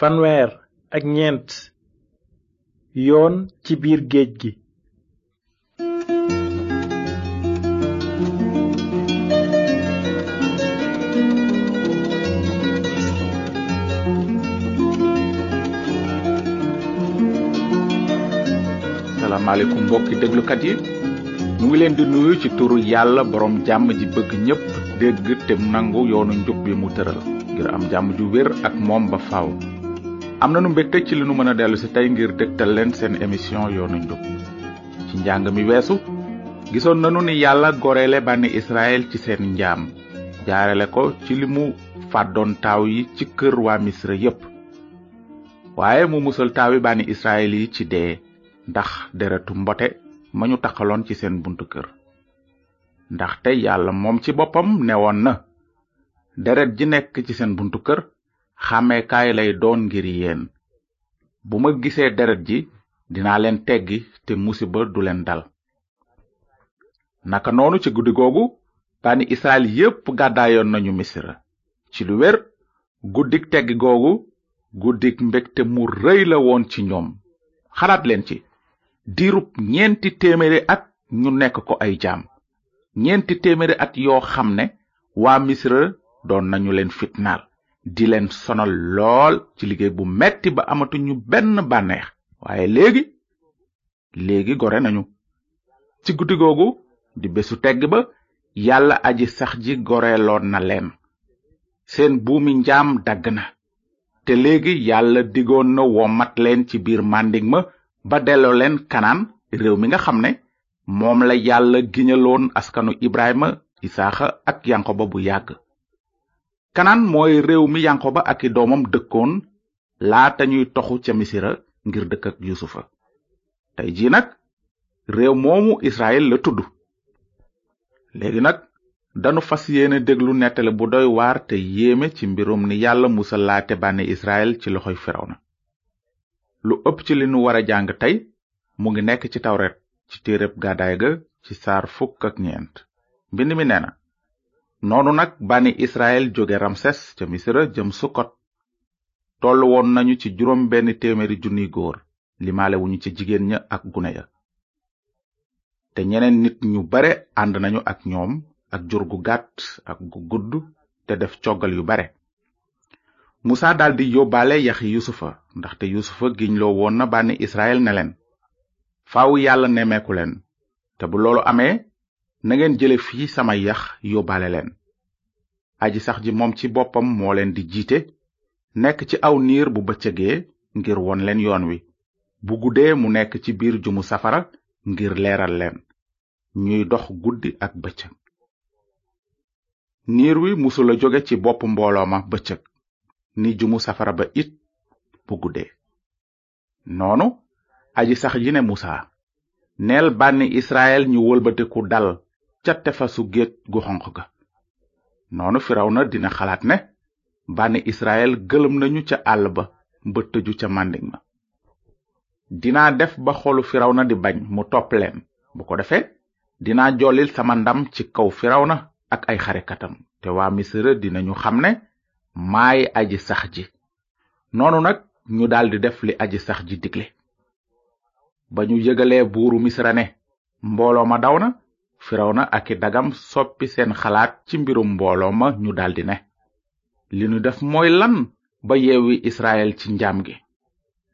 fanweer ak ñeent yoon ci biir géej gi salaamaaleykum mbokki déglukat yi ñu ngi leen di nuyu ci turu yàlla borom jàmm ji bëgg ñépp dégg te nangu yoonu njub bi mu tëral ngir am jàmm ju wér ak moom ba faaw amna nu mbekté ci li nu mën a dellu si ngir dégtal leen sen émission yoonu njub ci njang mi wessu gisoon nañu ni yalla gorélé bani israel ci sen njam jaarale ko ci li mu fadon yi ci kër wa misra yépp waaye mu taw yi bani israel yi ci dé ndax dératu mboté mañu ñu ci sen buntu kër yalla mom ci bopam néwon na deret ji nekk ci sen buntu kër xàmmeekaay lay doon ngir yéen bu ma gisee deret ji dinaa leen teggi te musiba du leen dal naka noonu ci guddi googu bani israel yépp gàddaayoon nañu misira ci lu wér guddik teggi googu guddik mbégte mu rëy la woon ci ñoom xalaat leen ci diirub ñeenti téeméeri at ñu nekk ko ay jaam ñenti téeméeri at yoo xam ne waa misira doon nañu leen fitnaal di leen sonal lool ci liggéey bu metti ba ñu benn bànneex waaye léegi léegi gore nañu ci guddi googu di bésu tegg ba yàlla aji sax ji goreeloon na leen seen buumi njaam dagg na te léegi yàlla digoon na womat leen ci biir manding ma ba delo leen kanaan réew mi nga xam ne moom la yàlla giñaloon askanu ibrahima isaaxa ak yankoba bu yàgg kanan mooy réew mi yankoba ak i doomam dëkkoon laata ñuy toxu ca misira ngir dëkk ak yusufa tey ji nag réew moomu israel la tudd léegi nag danu fas yéene déglu nettali bu doy waar te yéeme ci mbirum ni yàlla musa laate bànne israel ci loxoy firawna lu ëpp ci li nu war a jàng tey mu ngi nekk ci tawret ci téeréb gaddaay ga ci saar fukk ak ñeent mbind mi nee na noonu nag bànni israel jóge ramses ca misira jëm sukot tollu woon nañu ci juróom benn téeméeri junniy góor limaale wuñu ca jigéen ña ak gune ya te ñeneen nit ñu bare ànd nañu ak ñoom ak jur gu gàtt ak gu gudd te def coggal yu bare musa daldi yóbbaale yaxi yusufa ndaxte yusufa giñloo woon na bànni israel ne leen faaw yàlla nemeeku leen te bu loolu amee nangeen jële fi sama yax yóbbaale leen aji sax ji moom ci boppam moo leen di jiite nekk ci aw niir bu bëccëgee ngir won leen yoon wi bu guddee mu nekk ci biir jumu safara ngir leeral leen ñuy dox guddi ak bëccëg niir wi mësula jóge ci bopp mbooloo ma bëccëg ni jumu safara ba it bu guddee noonu aji sax ji ne musa neel bànni israel ñu wëlbatiku dal ca tefesu géej gu xonq ga noonu na dina xalaat ne bànni israel gëlëm nañu ca àll ba ba ca màndig ma dinaa def ba xolu na di bañ mu topp leen bu ko defee dinaa jollil sama ndam ci kaw na ak ay xarekatam te waa misra ñu xam ne maay aji sax ji noonu nag ñu daldi def li aji sax ji digle ba ñu yëgalee buuru misra ne mbooloo ma daw na firawna ak i dagam soppi seen xalaat ci mbirum mbooloo ma ñu daldi ne li nu def mooy lan ba yeewi israel ci njaam gi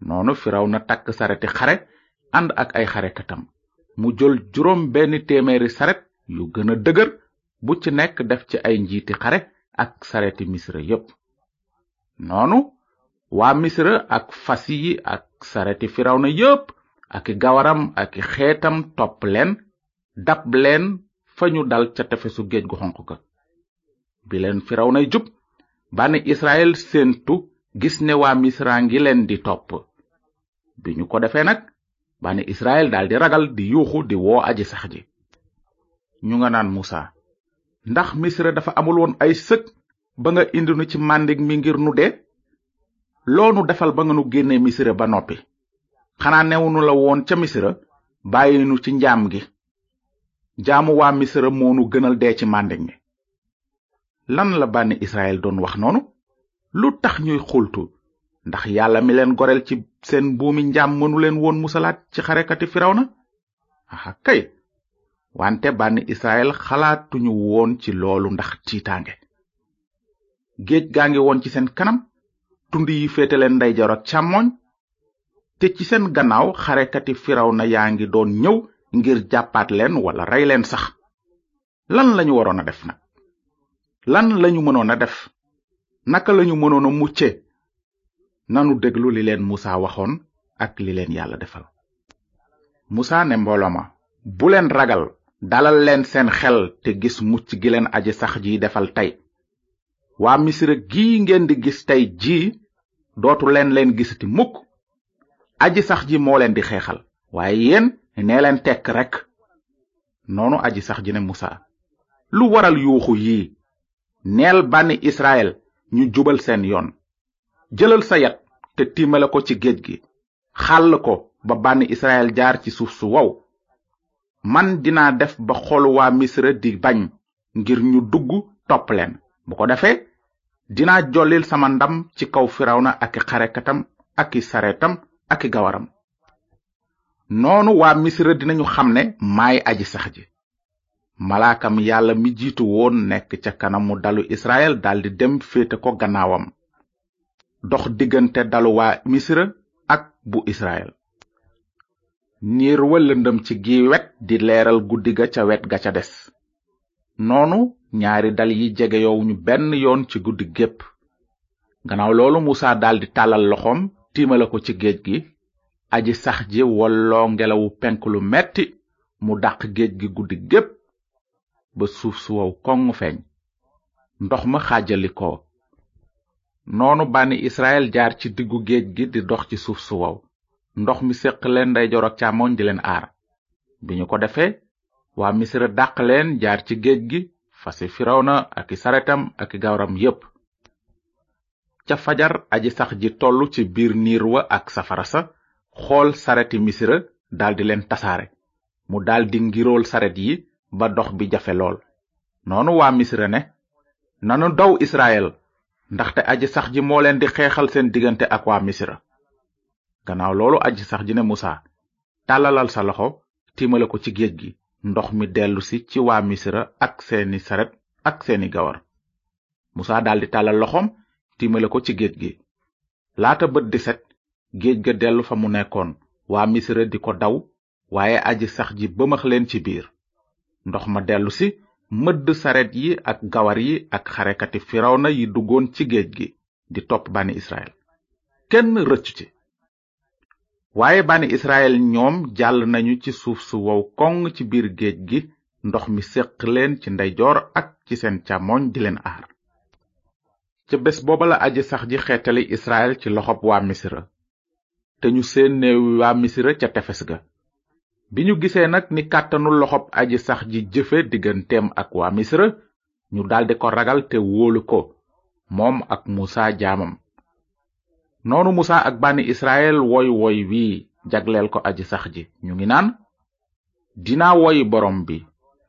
noonu firawna takk sareti xare ànd ak ay xarekatam mu jël juróom benn téeméeri saret yu gën a dëgër bu ci nekk def ci ay njiiti xare ak sareti misra yépp noonu waa misra ak fas yi ak sareti firawna yépp ak gawaram ak xeetam topp leen dab leen fa ñu dal ca tefesu géej gu xonq ka bi leen firaw nay jub bànni israel séentu gis ne waa misra ngi leen di topp bi ñu ko defee nag bànni israel di ragal di yuuxu di woo aji sax ji ñu nga naan musa ndax misra dafa amul woon ay sëg ba nga indi nu ci màndig mi ngir nu dee nu defal ba nga nu génne misra ba noppi xanaa newunu la woon ca misra bàyyi ci njaam gi jaamu waa misra moonu gënal dee ci mànding lan la bànn israel doon wax noonu lu tax ñuy xultu ndax yàlla mi leen goreel ci seen buumi njaam mënu leen woon musalaat ci xarekati firawna aha kay wante bànni israel xalaatuñu woon ci loolu ndax tiitaange géej gaa ngi woon ci seen kanam tund yi féete leen ndeyjoor ak càmmooñ te ci seen gannaaw xarekati firawna yaa ngi doon ñëw ngir jàppaat leen wala rey leen sax lan lañu waroon a def nag lan lañu mënoon a def naka lañu mënoon a mucce nanu déglu li leen musa waxoon ak li leen yàlla defal musa ne Bulen bu leen ragal dalal leen seen xel te gis mucc gi leen aji sax ji defal tey Wa misira gii ngeen di gis tey ji dootu len len gisati mukk aji sax ji moo leen di xeexal waaye yéen neeleen tekk rekk noonu aji sax ji ne musa lu waral yuuxu yi neel bànni israel ñu jubal seen yoon jëlal sa yat te tiimale ko ci géej gi xàll ko ba bànni israel jaar ci suuf su wow man dinaa def ba xolu waa misra di bañ ngir ñu dugg topp leen bu defee dinaa jollil sama ndam ci kaw firawna ak i aki saretam aki gawaram noonu waa misra dinañu xam ne maay aji sax ji malaakam yàlla mi jiitu woon nekk ca kanamu dalu israel daldi dem féete ko gannaawam dox diggante dalu waa misra ak bu israel niir wa ci gi wet di leeral guddi ga ca wet ga ca des noonu ñaari dal yi jege yowuñu benn yoon ci guddi gépp gannaaw loolu musa daldi tàllal loxoom tiimale ko ci géej gi aji sax ji wolloo ngelawu penk lu metti mu dàq géej gi guddi gépp ba suuf su wow feeñ ndox ma xaajali ko noonu bànni israel jaar ci diggu géej gi di dox ci suuf su ndox mi séq leen jor ak càmmoñ di leen aar bi ñu ko defee waa misra dàq leen jaar ci géej gi fasi firawna ak i saretam ak i gawram yépp ca fajar aji sax ji tollu ci biir niir wa ak safara sa xool sareti misira daldi leen tasaare mu daldi ngirool saret yi ba dox bi jafe lool noonu waa misira ne nanu daw israel ndaxte aji sax ji moo leen di xeexal seen diggante ak waa misira gannaaw loolu aji sax ji ne musa tàllalal sa loxo tiimale ko ci géej gi ndox mi dellusi ci waa misira ak seeni saret ak seeni gawar musa daldi tàllal loxoom tiimale ko ci géej gi laata bët di set géej ga dellu fa mu nekkoon waa misira di ko daw waaye aji sax ji bëmax leen ci biir ndox ma dellusi si mëdd saret yi ak gawar yi ak xarekati na yi duggoon ci géej gi di topp bani israel kenn rëcc ci waaye bani israel ñoom jàll nañu ci suuf su wow koŋ ci biir géej gi ndox mi séq leen ci ndeyjoor ak ci seen càmmoñ di leen aar ca bés booba la aji sax ji xeetali israel ci loxob waa misira te ñu seen néewi waa misira ca tefes ga bi ñu gisee nag ni kàttanu loxob aji sax ji jëfe digganteem ak waa misra ñu daldi ko ragal te wóolu ko moom ak musa jaamam noonu musa ak bànni israel woy woy wii jagleel ko aji sax ji ñu ngi naan dinaa woy borom bi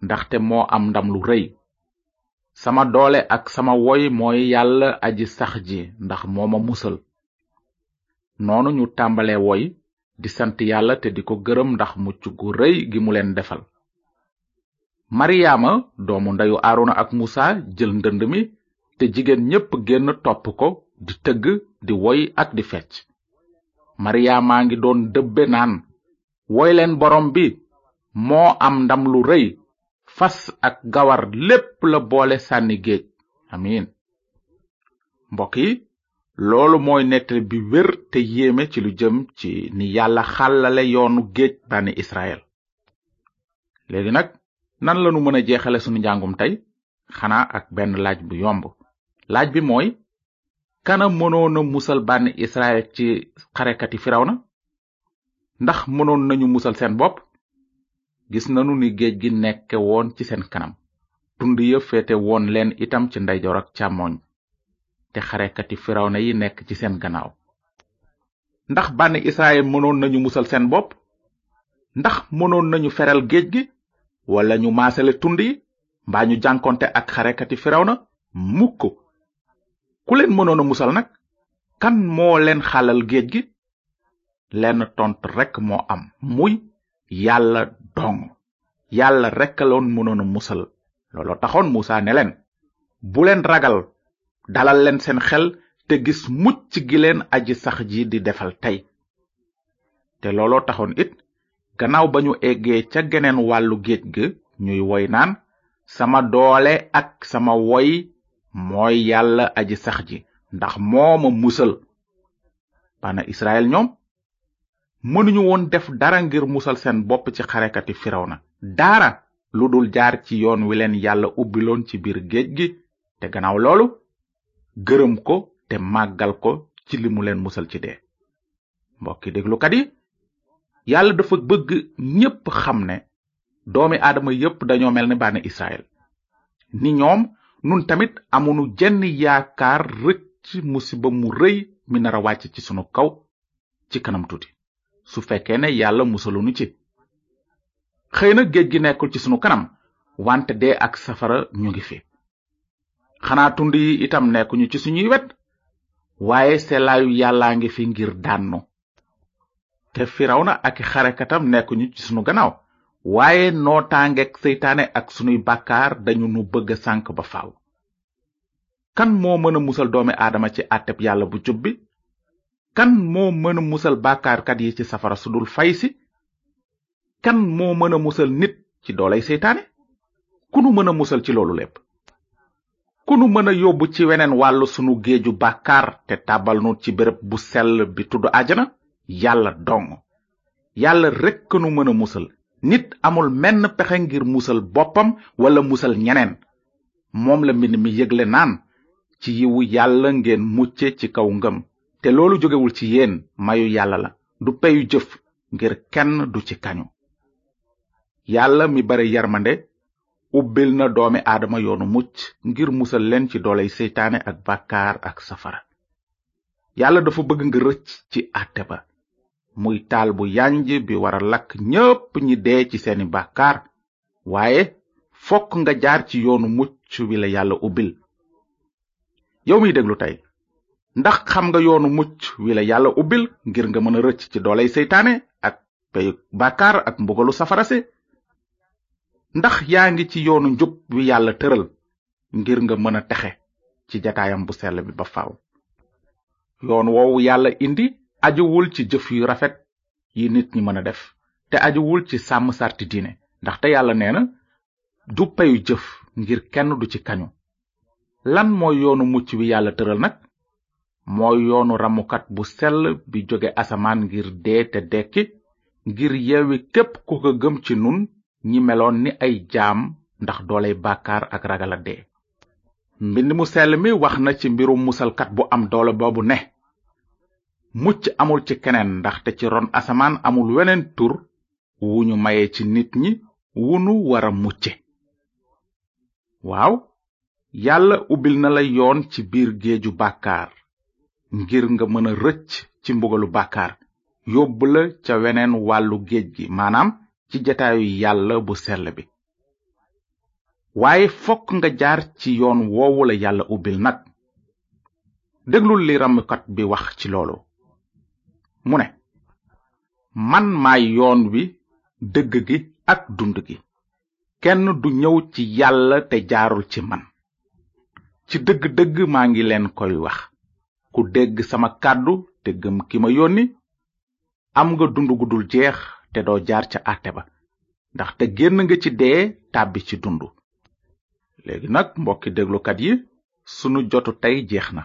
ndaxte moo am ndam lu rëy sama doole ak sama woy mooy yàlla aji sax ji ndax moo ma musal noonu ñu tàmbalee woy di sant yàlla te di ko gërëm ndax mucc gu rëy gi mu leen defal maryaama doomu ndeyu aaruna ak musa jël ndënd mi te jigéen ñépp génn topp ko di tëgg di woy ak di fecc maryaama ngi doon dëbbe naan woy leen bi moo am ndam lu rëy fas ak gawar lépp la boole sànni géej amiin mbokk yi loolu mooy nettali bi wér te yéeme ci lu jëm ci ni yàlla xàllale yoonu géej bànni israel léegi nag nan lanu mën a jeexale sunu njàngum tey xanaa ak benn laaj bu yomb laaj bi mooy kana mënoon musal bànni israel ci xarekati na ndax mënoon nañu musal seen bopp gis nanu ni géej gi nekke woon ci seen kanam tund ya féete woon leen itam ci ndeyjoor ak càmmooñ te xarekati firawna yi nekk ci seen gannaaw ndax bani israel mënoon nañu musal seen bopp ndax mënoon nañu feral géej gi wala ñu maasale tund yi mbaa ñu jànkonte ak xarekati firawna mukk ku leen mënoon a musal nak kan moo leen xalal géej gi lenn tont rek moo am muy yàlla dong yàlla rekkaloon mënoon a musal Lolo taxoon muusa ne leen bu leen ragal dalal leen seen xel te gis mucc gi leen aji sax ji di defal tey te looloo taxoon it gannaaw ba ñu eggee ca geneen wàllu géej ga ñuy woy naan sama doole ak sama woy mooy yàlla aji sax ji ndax moo musal bana israel ñoom mënuñu woon def dara ngir musal seen bopp ci xarekati na dara lu dul jaar ci yoon wi leen yàlla ubbiloon ci biir géej gi te gannaaw loolu gërëm ko te màggal ko ci li mu leen musal ci dee mbokki déglukat yi yàlla dafa bëgg ñépp xam ne doomi aadama yépp dañoo mel ni bànni israel ni ñoom nun tamit amunu jenn yaakaar rëcc musiba mu rëy mi nara wàcc ci sunu kaw ci kanam tuuti su fekkee ne yàlla musalunu ci xëy na géej gi nekkul ci sunu kanam wante dee ak safara ñu ngi fi xanaa tund yi itam nekkuñu ci suñuy wet waaye selaayu yàllaa ngi fi ngir dànnu te firawna ak xarekatam nekkuñu ci sunu gannaaw waaye nootaangeeg seytaane ak sunuy bàkkaar dañu nu bëgg a sànk ba faaw kan moo mën a musal doomi aadama ci àtteb yàlla bu jub bi kan moo mën a musal bàkkaarkat yi ci safara su dul fay si kan moo mën a musal nit ci doolay seytaane ku nu mën a musal ci loolu lépp kunu nu mën a yóbbu ci weneen wàllu sunu géeju bàkkaar te tàbbal nu ci béréb bu sell bi tudd ajana yàlla dong yàlla rekk nu mën a musal nit amul menn pexe ngir musal boppam wala musal ñeneen moom la mbind mi yëgle naan ci yiwu yàlla ngeen mucce ci kaw ngëm te loolu jógewul ci yéen mayu yàlla la du peyu jëf ngir kenn du ci kañu yàlla mi bare yarmande ubbil na doomi aadama yoonu mucc ngir musal leen ci dooley seytaane ak bàkkaar ak safara yàlla dafa bëgg nga rëcc ci àtte ba muy taal bu yanj bi wara lakk ñépp ñi dee ci seeni bàkkaar waaye fokk nga jaar ci yoonu mucc wi la yàlla ubbil yow miy déglu tey ndax xam nga yoonu mucc wi la yàlla ubbil ngir nga mën a rëcc ci dooley seytaane ak peyug bàkkaar ak mbugalu safara si ndax yaa ngi ci yoonu njub wi yàlla tëral ngir nga mën a texe ci jataayam bu sell bi ba faaw yoon woowu yàlla indi ajuwul ci jëf yu rafet yi nit ñi mën a def te ajuwul ci sàmm sarti diine ndaxte yàlla nee na jub payu jëf ngir kenn du ci kañu lan mooy yoonu mucc wi yàlla tëral nag mooy yoonu ramukat bu sell bi jóge asamaan ngir dee te dekki ngir yeewi képp ku ko gëm ci nun ñi meloon ni ay jaam ndax dooley bàkkaar ak ragala mbind mu sell mi wax na ci mbiru musalkat bu am doole boobu ne mucc amul ci keneen ndaxte ci ron asamaan amul weneen tur wu ñu maye ci nit ñi wunu wara mucce waaw yàlla ubbil na la yoon ci biir géeju bàkkaar ngir nga mën a rëcc ci mbugalu bàkkaar yóbbu la ca weneen wàllu géej gi maanaam ci jataayu yàlla bu sell bi waaye fokk nga jaar ci yoon woowu la yàlla ubbil nag déglul li ramukat bi wax ci loolu mu ne man maay yoon wi dëgg gi ak dund gi kenn du ñëw ci yàlla te jaarul ci man ci dëgg-dëgg maa ngi leen koy wax ku dégg sama kàddu te gëm ki ma yónni am nga dund gu dul jeex te doo jaar ca àtte ba ndax te génn nga ci dee tàbbi ci dund léegi nag mbokki déglukat yi sunu jotu tey jeex na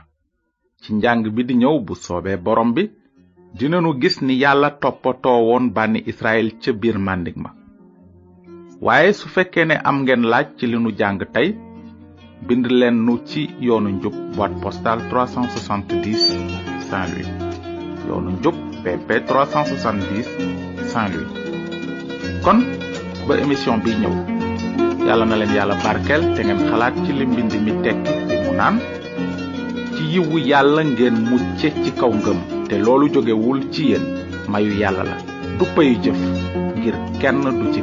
ci njàng bi di ñëw bu soobee borom bi dinanu gis ni yàlla toppatoo woon bànni israel ca biir màndig ma waaye su fekkee ne am ngeen laaj ci li nu jàng bind leen nu ci yoonu njub boîte postale 370 Saint-Louis yoonu njub pp 370 saint kon ba émission bi ñëw yàlla na leen yàlla barkel te ngeen xalaat ci li mbind mi tekki li mu naan ci yiwu yàlla ngeen mucce ci kaw ngëm te loolu ci yéen mayu yàlla la du payu jëf ngir kenn du ci